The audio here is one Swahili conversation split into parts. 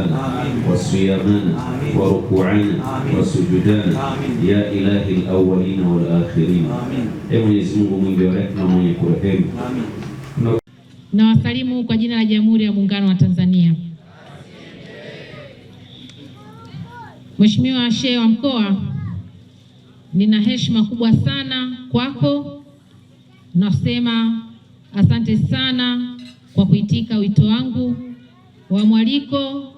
صلاتنا وصيامنا وركوعنا وسجودنا ya ilahi alawalina walakhirin. Ee Mwenyezi Mungu mwingi wa rehema mwenye kurehemu. Na wasalimu kwa jina la Jamhuri ya Muungano wa Tanzania. Mheshimiwa Shehe wa Mkoa, nina heshima kubwa sana kwako, nasema asante sana kwa kuitika wito wangu wa mwaliko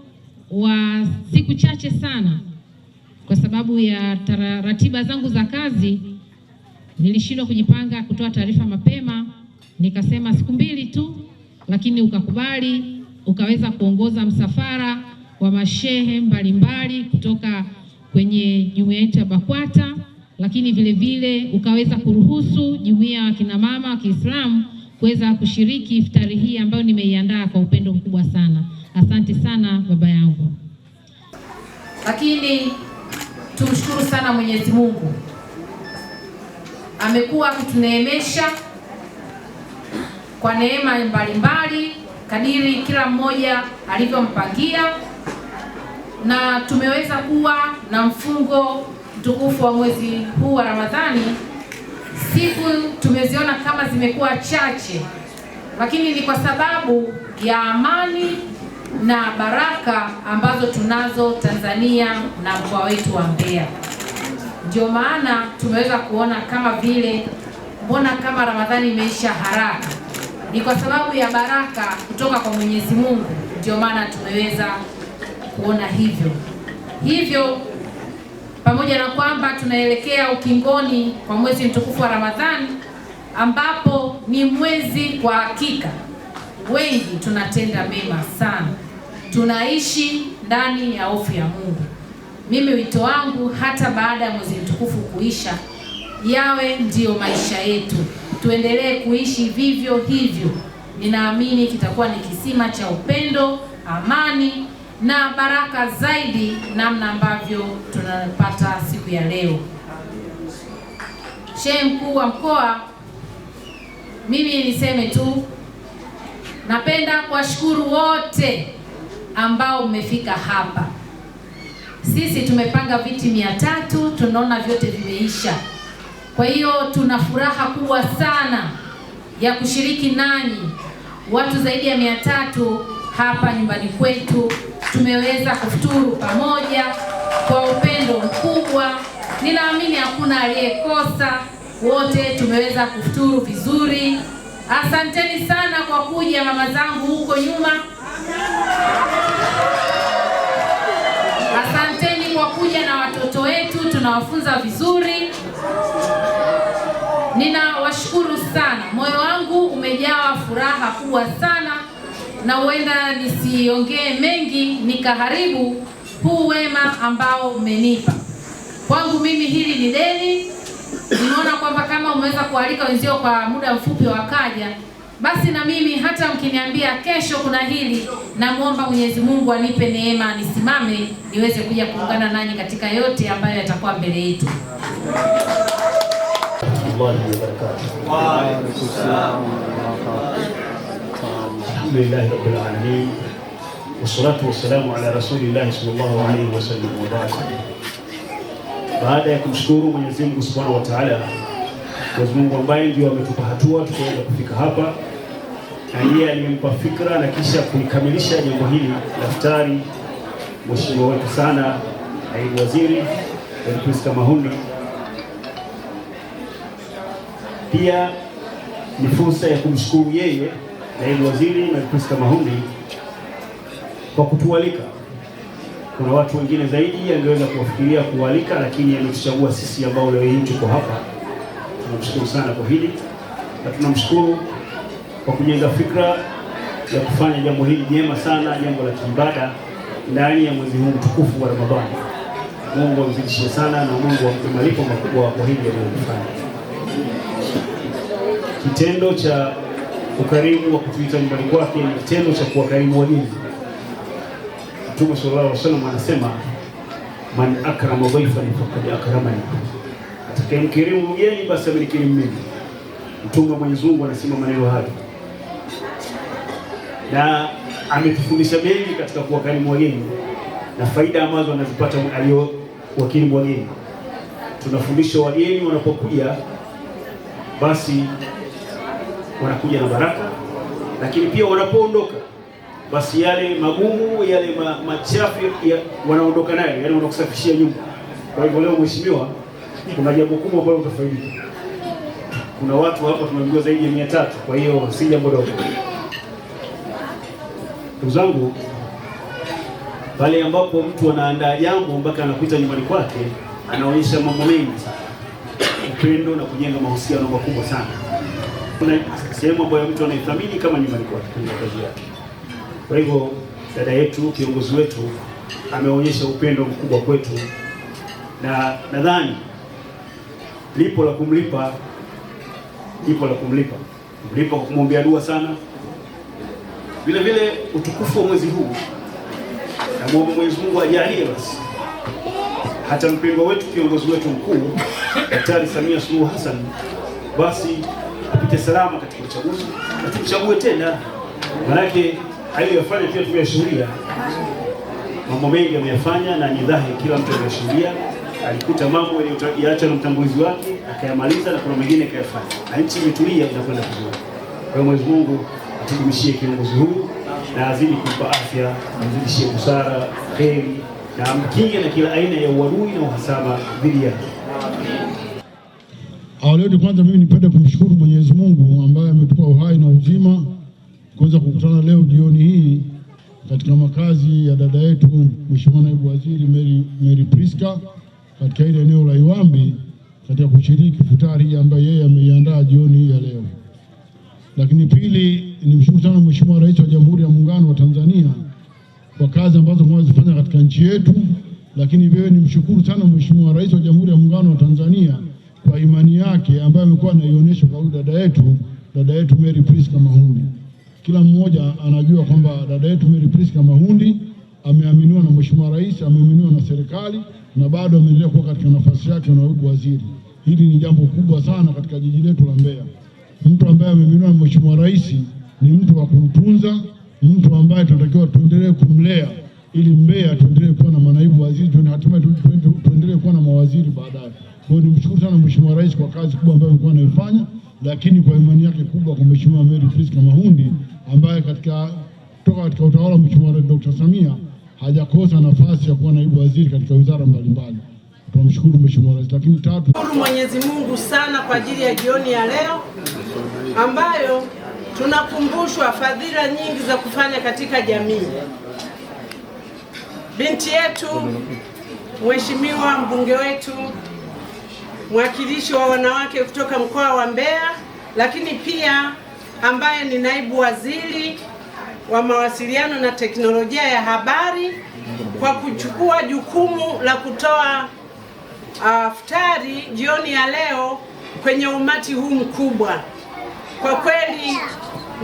wa siku chache sana, kwa sababu ya ratiba zangu za kazi nilishindwa kujipanga kutoa taarifa mapema, nikasema siku mbili tu, lakini ukakubali ukaweza kuongoza msafara wa mashehe mbalimbali kutoka kwenye jumuiya yetu ya BAKWATA, lakini vile vile ukaweza kuruhusu jumuiya ya mama wa Kiislamu kuweza kushiriki iftari hii ambayo nimeiandaa kwa upendo mkubwa sana. Asante sana baba yangu. Lakini tumshukuru sana Mwenyezi Mungu, amekuwa akituneemesha kwa neema mbalimbali kadiri kila mmoja alivyompangia, na tumeweza kuwa na mfungo mtukufu wa mwezi huu wa Ramadhani siku tumeziona kama zimekuwa chache, lakini ni kwa sababu ya amani na baraka ambazo tunazo Tanzania na mkoa wetu wa Mbeya. Ndio maana tumeweza kuona kama vile mbona kama Ramadhani imeisha haraka. Ni kwa sababu ya baraka kutoka kwa Mwenyezi Mungu, ndio maana tumeweza kuona hivyo hivyo pamoja na kwamba tunaelekea ukingoni kwa mwezi mtukufu wa Ramadhani ambapo ni mwezi wa hakika, wengi tunatenda mema sana, tunaishi ndani ya hofu ya Mungu. Mimi wito wangu hata baada ya mwezi mtukufu kuisha, yawe ndiyo maisha yetu, tuendelee kuishi vivyo hivyo. Ninaamini kitakuwa ni kisima cha upendo, amani na baraka zaidi namna ambavyo tunapata siku ya leo. Shehe mkuu wa mkoa, mimi niseme tu, napenda kuwashukuru wote ambao mmefika hapa. Sisi tumepanga viti mia tatu, tunaona vyote vimeisha. Kwa hiyo tuna furaha kubwa sana ya kushiriki nanyi watu zaidi ya mia tatu hapa nyumbani kwetu tumeweza kufuturu pamoja kwa upendo mkubwa. Ninaamini hakuna aliyekosa, wote tumeweza kufuturu vizuri. Asanteni sana kwa kuja mama zangu huko nyuma, asanteni kwa kuja na watoto wetu, tunawafunza vizuri. Ninawashukuru sana, moyo wangu umejawa furaha kubwa sana na huenda nisiongee mengi nikaharibu huu wema ambao umenipa. Kwangu mimi hili ni deni. Nimeona kwamba kama umeweza kualika wenzio kwa muda mfupi wakaja, basi na mimi hata mkiniambia kesho kuna hili, namwomba Mwenyezi Mungu anipe neema nisimame niweze kuja kuungana nanyi katika yote ambayo yatakuwa mbele yetu. Alhamdulillahi rabbil alamin wassalatu wassalamu ala rasulillahi sallallahu alayhi wasallam. Baada ya kumshukuru Mwenyezi Mungu subhanahu wa taala, Mwenyezi Mungu ambaye ndio ametupa hatua tukaweza kufika hapa na yeye aliyempa fikra na kisha kuikamilisha jambo hili. Daftari mheshimiwa wetu sana naibu waziri Prisca Mahundi, pia ni fursa ya kumshukuru yeye naibu waziri na Prisca Mahundi kwa kutualika. Kuna watu wengine zaidi angeweza kuwafikiria kualika, lakini ametuchagua sisi ambao leo hii tuko hapa. Tunamshukuru sana kwa hili na tunamshukuru kwa kujenga fikra ya kufanya jambo hili jema sana, jambo la kiibada ndani ya mwezi huu mtukufu wa Ramadhani. Mungu amzidishie sana na Mungu ampe malipo makubwa kwa hili aliyofanya kitendo cha ukarimu wa kutuita nyumbani kwake ni kitendo cha kuwakarimu wageni. Mtume sallallahu alaihi wasallam anasema man akrama dhaifan faqad akramani, atakayemkirimu mgeni basi amenikirimu mimi. Mtume wa Mwenyezi Mungu anasema maneno hayo, na ametufundisha mengi katika kuwakarimu wageni na faida ambazo anazipata aliyowakirimu wageni. Tunafundisha wageni wanapokuja basi wanakuja na baraka, lakini pia wanapoondoka basi yale magumu yale ma, machafu ya, wanaondoka nayo yani wanakusafishia nyumba. Kwa hivyo leo, mheshimiwa, kuna jambo kubwa ambalo utafaidika. Kuna watu hapa tumeambiwa zaidi ya mia tatu, kwa hiyo si jambo dogo. Ndugu zangu, pale ambapo mtu anaandaa jambo mpaka anakuita nyumbani kwake, anaonyesha mambo mengi, upendo na kujenga mahusiano makubwa sana kuna sehemu ambayo mtu anaithamini kama nyumbani kwake kwenye kazi yake. Kwa hivyo dada yetu kiongozi wetu ameonyesha upendo mkubwa kwetu, na nadhani lipo la kumlipa, lipo la kumlipa, mlipa kwa kumwombea dua sana. Vile vile utukufu wa mwezi huu na muombe Mwenyezi Mungu ajalie basi hata mpendwa wetu kiongozi wetu mkuu Daktari Samia Suluhu Hassan basi tupite salama katika uchaguzi na tumchague tena, manake aliyofanya pia tumeshuhudia Mambo mengi ameyafanya na ni dhahiri, kila mtu ameyashuhudia. Alikuta mambo yaliyoacha na mtangulizi wake akayamaliza, na kuna mengine akayafanya, na nchi imetulia, inakwenda vizuri. Kwa hiyo Mwenyezi Mungu atudumishie kiongozi huyu na azidi kumpa afya, amzidishie busara, heri na mkinge na kila aina ya uadui na uhasama dhidi yake ni kwanza, mimi nipende kumshukuru Mwenyezi Mungu ambaye ametupa uhai na uzima kuweza kukutana leo jioni hii katika makazi ya dada yetu Mheshimiwa Naibu Waziri Mary, Mary Priska katika ile eneo la Iwambi katika kushiriki futari ambayo yeye ameiandaa jioni hii ya leo. Lakini pili, nimshukuru sana Mheshimiwa Rais wa Jamhuri ya Muungano wa Tanzania kwa kazi ambazo mwazifanya katika nchi yetu, lakini vile nimshukuru sana Mheshimiwa Rais wa Jamhuri ya Muungano wa Tanzania kwa imani yake ambayo amekuwa anaionyesha kwa dada yetu, dada yetu Mary Priska Mahundi. Kila mmoja anajua kwamba dada yetu Mary Priska Mahundi ameaminiwa na Mheshimiwa Rais, ameaminiwa na serikali na bado ameendelea kuwa katika nafasi yake na naibu waziri. Hili ni jambo kubwa sana katika jiji letu la Mbeya. Mtu ambaye ameaminiwa na Mheshimiwa Rais ni mtu wa kumtunza, mtu ambaye tunatakiwa tuendelee kumlea ili Mbeya tuendelee kuwa na manaibu waziri, hatimaye tuendelee kuwa na mawaziri baadaye. Kwa hiyo nimshukuru sana Mheshimiwa Rais kwa kazi kubwa ambayo amekuwa anaifanya, lakini kwa imani yake kubwa kwa Mheshimiwa Mary Priska Mahundi ambaye katika toka katika utawala wa Mheshimiwa Dr. Samia hajakosa nafasi ya kuwa naibu waziri katika wizara mbalimbali. Tunamshukuru Mheshimiwa Rais. Lakini tatu, Mwenyezi Mungu sana kwa ajili ya jioni ya leo ambayo tunakumbushwa fadhila nyingi za kufanya katika jamii. Binti yetu Mheshimiwa mbunge wetu mwakilishi wa wanawake kutoka mkoa wa Mbeya, lakini pia ambaye ni naibu waziri wa mawasiliano na teknolojia ya habari kwa kuchukua jukumu la kutoa iftari uh, jioni ya leo kwenye umati huu mkubwa. Kwa kweli,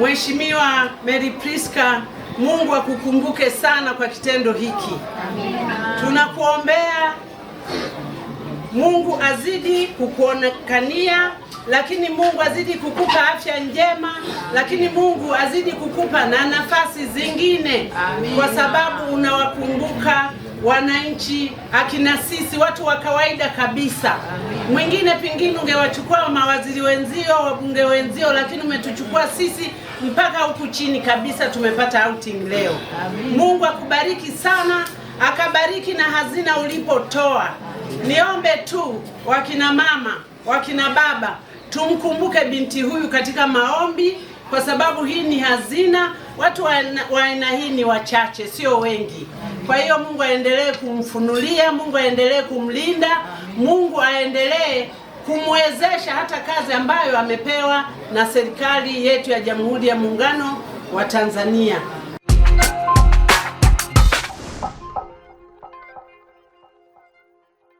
Mheshimiwa Mary Priska, Mungu akukumbuke sana kwa kitendo hiki. Tunakuombea Mungu azidi kukuonekania, lakini Mungu azidi kukupa afya njema, lakini Mungu azidi kukupa na nafasi zingine, kwa sababu unawakumbuka wananchi akina sisi watu wa kawaida kabisa. Mwingine pingine ungewachukua mawaziri wenzio, wabunge wenzio, lakini umetuchukua sisi mpaka huku chini kabisa, tumepata outing leo. Mungu akubariki sana, akabariki na hazina ulipotoa. Niombe tu wakina mama, wakina baba, tumkumbuke binti huyu katika maombi, kwa sababu hii ni hazina. Watu wa aina hii ni wachache, sio wengi. Kwa hiyo Mungu aendelee kumfunulia, Mungu aendelee kumlinda, Mungu aendelee kumwezesha hata kazi ambayo amepewa na serikali yetu ya Jamhuri ya Muungano wa Tanzania.